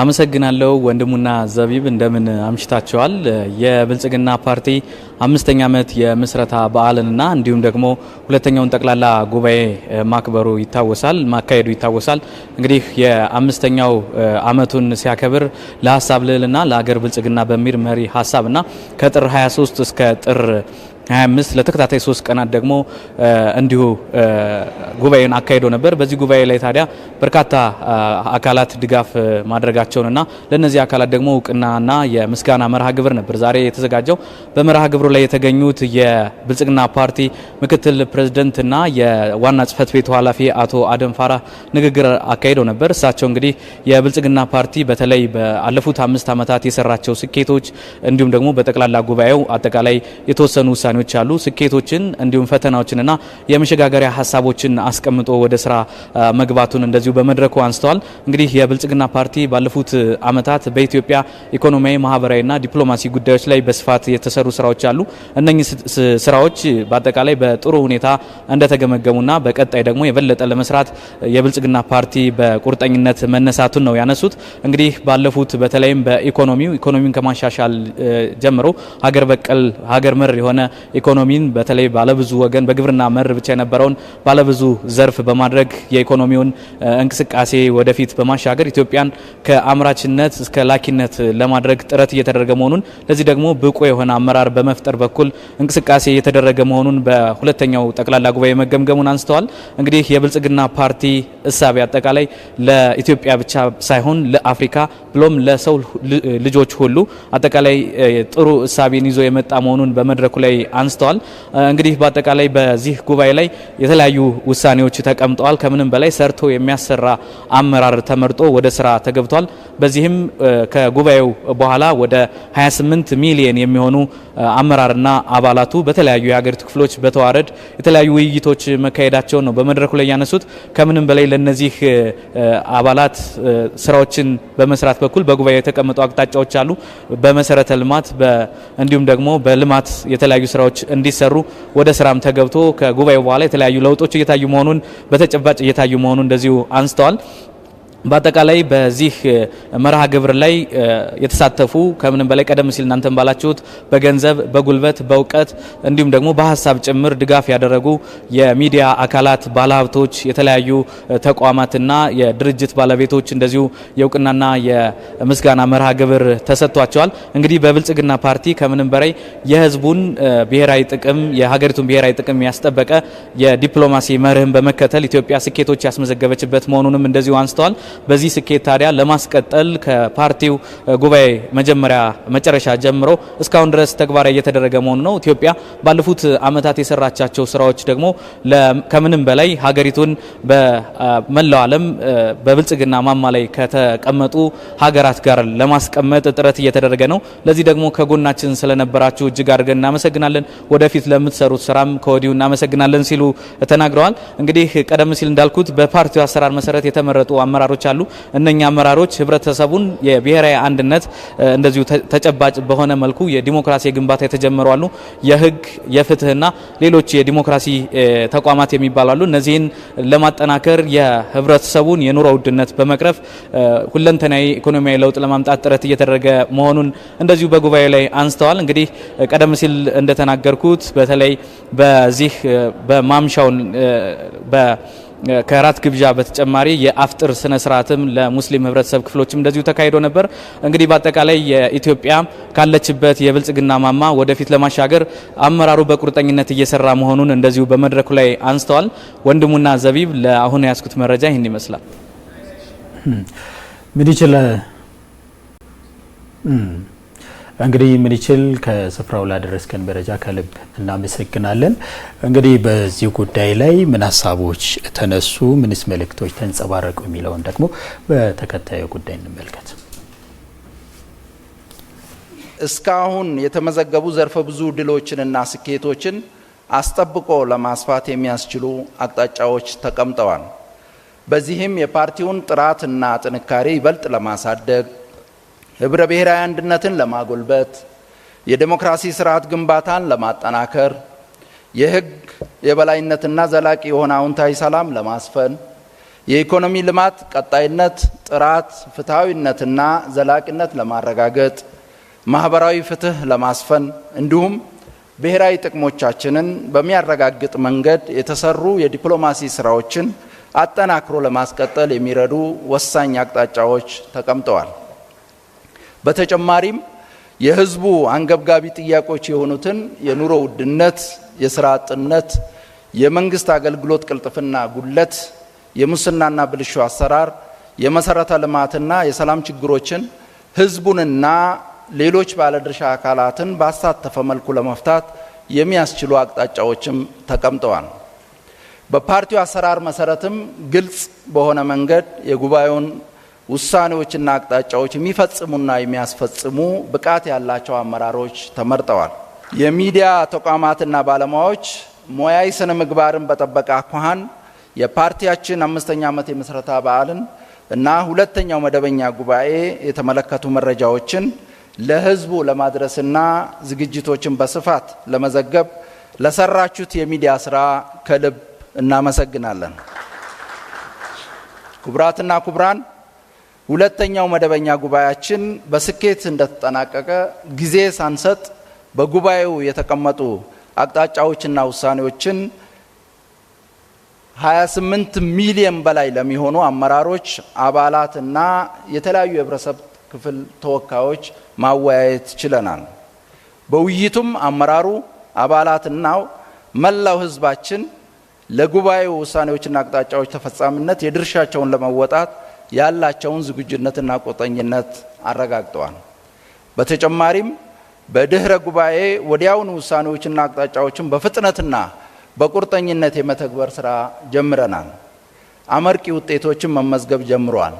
አመሰግናለሁ ወንድሙና ዘቢብ እንደምን አምሽታችኋል። የብልጽግና ፓርቲ አምስተኛ ዓመት የምስረታ በዓልንና እንዲሁም ደግሞ ሁለተኛውን ጠቅላላ ጉባኤ ማክበሩ ይታወሳል ማካሄዱ ይታወሳል። እንግዲህ የአምስተኛው ዓመቱን ሲያከብር ለሀሳብ ልዕልና ለሀገር ብልጽግና በሚል መሪ ሀሳብና ከጥር 23 እስከ ጥር 25 ለተከታታይ ሶስት ቀናት ደግሞ እንዲሁ ጉባኤን አካሂዶ ነበር። በዚህ ጉባኤ ላይ ታዲያ በርካታ አካላት ድጋፍ ማድረጋቸውንና ለእነዚህ አካላት ደግሞ እውቅናና የምስጋና መርሃ ግብር ነበር ዛሬ የተዘጋጀው። በመርሃ ግብሩ ላይ የተገኙት የብልጽግና ፓርቲ ምክትል ፕሬዝደንትና የዋና ጽህፈት ቤቱ ኃላፊ አቶ አደም ፋራ ንግግር አካሂደው ነበር። እሳቸው እንግዲህ የብልጽግና ፓርቲ በተለይ በአለፉት አምስት ዓመታት የሰራቸው ስኬቶች እንዲሁም ደግሞ በጠቅላላ ጉባኤው አጠቃላይ የተወሰኑ ውሳ ውሳኔዎች አሉ። ስኬቶችን እንዲሁም ፈተናዎችንና የመሸጋገሪያ ሀሳቦችን አስቀምጦ ወደ ስራ መግባቱን እንደዚሁ በመድረኩ አንስተዋል። እንግዲህ የብልጽግና ፓርቲ ባለፉት አመታት በኢትዮጵያ ኢኮኖሚያዊ፣ ማህበራዊና ዲፕሎማሲ ጉዳዮች ላይ በስፋት የተሰሩ ስራዎች አሉ። እነኚህ ስራዎች በአጠቃላይ በጥሩ ሁኔታ እንደተገመገሙና በቀጣይ ደግሞ የበለጠ ለመስራት የብልጽግና ፓርቲ በቁርጠኝነት መነሳቱን ነው ያነሱት። እንግዲህ ባለፉት በተለይም በኢኮኖሚው ኢኮኖሚውን ከማሻሻል ጀምሮ ሀገር በቀል ሀገር መር የሆነ ኢኮኖሚን በተለይ ባለብዙ ወገን በግብርና መር ብቻ የነበረውን ባለብዙ ዘርፍ በማድረግ የኢኮኖሚውን እንቅስቃሴ ወደፊት በማሻገር ኢትዮጵያን ከአምራችነት እስከ ላኪነት ለማድረግ ጥረት እየተደረገ መሆኑን ለዚህ ደግሞ ብቁ የሆነ አመራር በመፍጠር በኩል እንቅስቃሴ እየተደረገ መሆኑን በሁለተኛው ጠቅላላ ጉባኤ መገምገሙን አንስተዋል። እንግዲህ የብልጽግና ፓርቲ እሳቤ አጠቃላይ ለኢትዮጵያ ብቻ ሳይሆን ለአፍሪካ ብሎም ለሰው ልጆች ሁሉ አጠቃላይ ጥሩ እሳቤን ይዞ የመጣ መሆኑን በመድረኩ ላይ አንስተዋል። እንግዲህ በአጠቃላይ በዚህ ጉባኤ ላይ የተለያዩ ውሳኔዎች ተቀምጠዋል። ከምንም በላይ ሰርቶ የሚያሰራ አመራር ተመርጦ ወደ ስራ ተገብቷል። በዚህም ከጉባኤው በኋላ ወደ 28 ሚሊዮን የሚሆኑ አመራርና አባላቱ በተለያዩ የሀገሪቱ ክፍሎች በተዋረድ የተለያዩ ውይይቶች መካሄዳቸውን ነው በመድረኩ ላይ ያነሱት። ከምንም በላይ ለነዚህ አባላት ስራዎችን በመስራት በኩል በጉባኤ የተቀመጡ አቅጣጫዎች አሉ። በመሰረተ ልማት እንዲሁም ደግሞ በልማት የተለያዩ ስራ ስራዎች እንዲሰሩ ወደ ስራም ተገብቶ ከጉባኤው በኋላ የተለያዩ ለውጦች እየታዩ መሆኑን በተጨባጭ እየታዩ መሆኑን እንደዚሁ አንስተዋል። በአጠቃላይ በዚህ መርሃ ግብር ላይ የተሳተፉ ከምንም በላይ ቀደም ሲል እናንተን ባላችሁት በገንዘብ፣ በጉልበት፣ በእውቀት እንዲሁም ደግሞ በሀሳብ ጭምር ድጋፍ ያደረጉ የሚዲያ አካላት፣ ባለሀብቶች፣ የተለያዩ ተቋማትና የድርጅት ባለቤቶች እንደዚሁ የእውቅናና የምስጋና መርሃ ግብር ተሰጥቷቸዋል። እንግዲህ በብልጽግና ፓርቲ ከምንም በላይ የህዝቡን ብሔራዊ ጥቅም የሀገሪቱን ብሔራዊ ጥቅም ያስጠበቀ የዲፕሎማሲ መርህን በመከተል ኢትዮጵያ ስኬቶች ያስመዘገበችበት መሆኑንም እንደዚሁ አንስተዋል። በዚህ ስኬት ታዲያ ለማስቀጠል ከፓርቲው ጉባኤ መጀመሪያ መጨረሻ ጀምሮ እስካሁን ድረስ ተግባራዊ እየተደረገ መሆኑ ነው። ኢትዮጵያ ባለፉት ዓመታት የሰራቻቸው ስራዎች ደግሞ ከምንም በላይ ሀገሪቱን በመላው ዓለም በብልጽግና ማማ ላይ ከተቀመጡ ሀገራት ጋር ለማስቀመጥ ጥረት እየተደረገ ነው። ለዚህ ደግሞ ከጎናችን ስለነበራችሁ እጅግ አድርገን እናመሰግናለን። ወደፊት ለምትሰሩት ስራም ከወዲሁ እናመሰግናለን ሲሉ ተናግረዋል። እንግዲህ ቀደም ሲል እንዳልኩት በፓርቲው አሰራር መሰረት የተመረጡ አመራሮች አመራሮች አሉ። እነኛ አመራሮች ህብረተሰቡን የብሔራዊ አንድነት እንደዚሁ ተጨባጭ በሆነ መልኩ የዲሞክራሲ ግንባታ የተጀመሩ አሉ። የህግ የፍትህና ሌሎች የዲሞክራሲ ተቋማት የሚባሉ አሉ። እነዚህን ለማጠናከር የህብረተሰቡን የኑሮ ውድነት በመቅረፍ ሁለንተናዊ ኢኮኖሚያዊ ለውጥ ለማምጣት ጥረት እየተደረገ መሆኑን እንደዚሁ በጉባኤ ላይ አንስተዋል። እንግዲህ ቀደም ሲል እንደተናገርኩት በተለይ በዚህ በማምሻውን ከራት ግብዣ በተጨማሪ የአፍጥር ስነ ስርዓትም ለሙስሊም ህብረተሰብ ክፍሎችም እንደዚሁ ተካሂዶ ነበር። እንግዲህ በአጠቃላይ የኢትዮጵያ ካለችበት የብልጽግና ማማ ወደፊት ለማሻገር አመራሩ በቁርጠኝነት እየሰራ መሆኑን እንደዚሁ በመድረኩ ላይ አንስተዋል። ወንድሙና ዘቢብ ለአሁን ያስኩት መረጃ ይህን ይመስላል። ምን ይችላል? እንግዲህ ምንችል ከስፍራው ላደረስከን መረጃ ከልብ እናመሰግናለን። እንግዲህ በዚህ ጉዳይ ላይ ምን ሀሳቦች ተነሱ፣ ምንስ መልእክቶች ተንጸባረቁ የሚለውን ደግሞ በተከታዩ ጉዳይ እንመልከት። እስካሁን የተመዘገቡ ዘርፈ ብዙ ድሎችንና ስኬቶችን አስጠብቆ ለማስፋት የሚያስችሉ አቅጣጫዎች ተቀምጠዋል። በዚህም የፓርቲውን ጥራትና ጥንካሬ ይበልጥ ለማሳደግ ህብረ ብሔራዊ አንድነትን ለማጎልበት፣ የዴሞክራሲ ስርዓት ግንባታን ለማጠናከር፣ የህግ የበላይነትና ዘላቂ የሆነ አውንታዊ ሰላም ለማስፈን፣ የኢኮኖሚ ልማት ቀጣይነት፣ ጥራት፣ ፍትሐዊነትና ዘላቂነት ለማረጋገጥ፣ ማህበራዊ ፍትህ ለማስፈን እንዲሁም ብሔራዊ ጥቅሞቻችንን በሚያረጋግጥ መንገድ የተሰሩ የዲፕሎማሲ ስራዎችን አጠናክሮ ለማስቀጠል የሚረዱ ወሳኝ አቅጣጫዎች ተቀምጠዋል። በተጨማሪም የህዝቡ አንገብጋቢ ጥያቄዎች የሆኑትን የኑሮ ውድነት፣ የስራ አጥነት፣ የመንግስት አገልግሎት ቅልጥፍና ጉለት፣ የሙስናና ብልሹ አሰራር፣ የመሰረተ ልማትና የሰላም ችግሮችን ህዝቡንና ሌሎች ባለድርሻ አካላትን ባሳተፈ መልኩ ለመፍታት የሚያስችሉ አቅጣጫዎችም ተቀምጠዋል። በፓርቲው አሰራር መሰረትም ግልጽ በሆነ መንገድ የጉባኤውን ውሳኔዎችና አቅጣጫዎች የሚፈጽሙና የሚያስፈጽሙ ብቃት ያላቸው አመራሮች ተመርጠዋል። የሚዲያ ተቋማትና ባለሙያዎች ሙያዊ ስነ ምግባርን በጠበቀ አኳኋን የፓርቲያችን አምስተኛ ዓመት የምስረታ በዓልን እና ሁለተኛው መደበኛ ጉባኤ የተመለከቱ መረጃዎችን ለሕዝቡ ለማድረስና ዝግጅቶችን በስፋት ለመዘገብ ለሰራችሁት የሚዲያ ስራ ከልብ እናመሰግናለን። ክቡራትና ክቡራን ሁለተኛው መደበኛ ጉባኤያችን በስኬት እንደተጠናቀቀ ጊዜ ሳንሰጥ በጉባኤው የተቀመጡ አቅጣጫዎችና ውሳኔዎችን 28 ሚሊየን በላይ ለሚሆኑ አመራሮች፣ አባላትና የተለያዩ የህብረተሰብ ክፍል ተወካዮች ማወያየት ችለናል። በውይይቱም አመራሩ አባላትና መላው ህዝባችን ለጉባኤው ውሳኔዎችና አቅጣጫዎች ተፈጻሚነት የድርሻቸውን ለመወጣት ያላቸውን ዝግጁነትና ቁርጠኝነት አረጋግጠዋል። በተጨማሪም በድህረ ጉባኤ ወዲያውኑ ውሳኔዎችና አቅጣጫዎችን በፍጥነትና በቁርጠኝነት የመተግበር ስራ ጀምረናል። አመርቂ ውጤቶችን መመዝገብ ጀምረዋል።